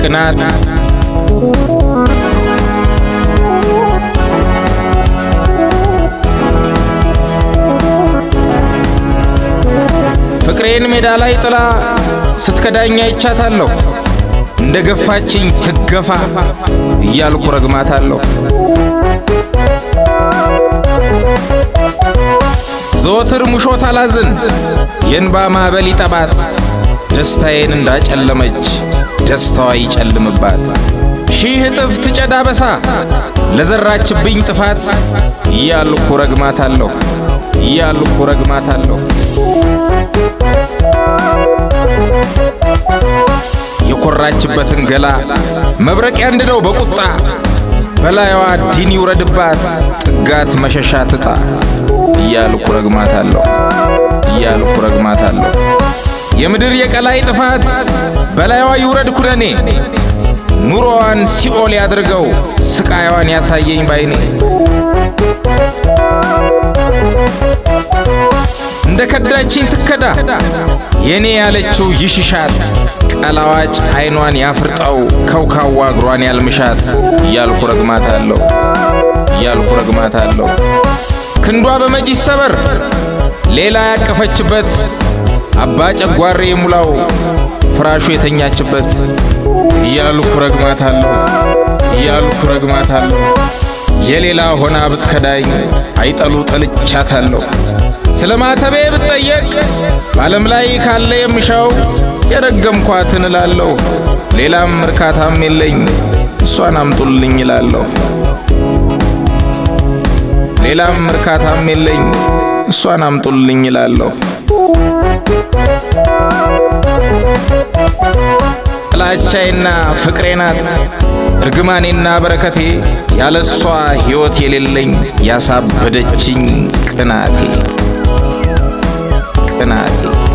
ቅናት ፍቅሬን ሜዳ ላይ ጥላ ስትከዳኛ አይቻታለሁ። እንደ ገፋችኝ ትገፋ እያልኩ ረግማታለሁ። ዘወትር ሙሾ ታላዝን የእንባ ማዕበል ይጠባት ደስታዬን እንዳጨለመች ደስታዋ ይጨልምባት። ሺህ እጥፍ ትጨዳ በሳ ለዘራችብኝ ጥፋት እያልኩ ረግማታለሁ እያልኩ ረግማታለሁ። የኮራችበትን ገላ መብረቅ ያንድደው በቁጣ በላይዋ ዲን ይውረድባት ጥጋት መሸሻ ትጣ እያልኩ ረግማታለሁ እያልኩ ረግማታለሁ። የምድር የቀላይ ጥፋት በላይዋ ይውረድ ኩነኔ ኑሮዋን ሲኦል ያድርገው ስቃይዋን ያሳየኝ ባይኔ እንደ ከዳችኝ ትከዳ የኔ ያለችው ይሽሻት ቀላዋጭ አይኗን ያፍርጣው ከውካዋ እግሯን ያልምሻት እያልኩ ረግማታለሁ እያልኩ ረግማታለሁ ክንዷ በመጪ ሰበር ሌላ ያቀፈችበት አባ ጨጓሬ ሙላው ፍራሹ የተኛችበት እያልኩ ረግማታለሁ እያልኩ ረግማታለሁ። የሌላ ሆና ብትከዳኝ አይጠሉ ጠልቻታለሁ። ስለ ማተቤ ብትጠየቅ በዓለም ላይ ካለ የምሻው የረገምኳትን እላለሁ። ሌላም እርካታም የለኝ እሷን አምጡልኝ እላለሁ። ሌላም እርካታም የለኝ እሷን አምጡልኝ እላለሁ። ጥላቻዬና ፍቅሬ ናት እርግማኔና በረከቴ ያለሷ ሕይወት የሌለኝ ያሳበደችኝ ቅናቴ ቅናቴ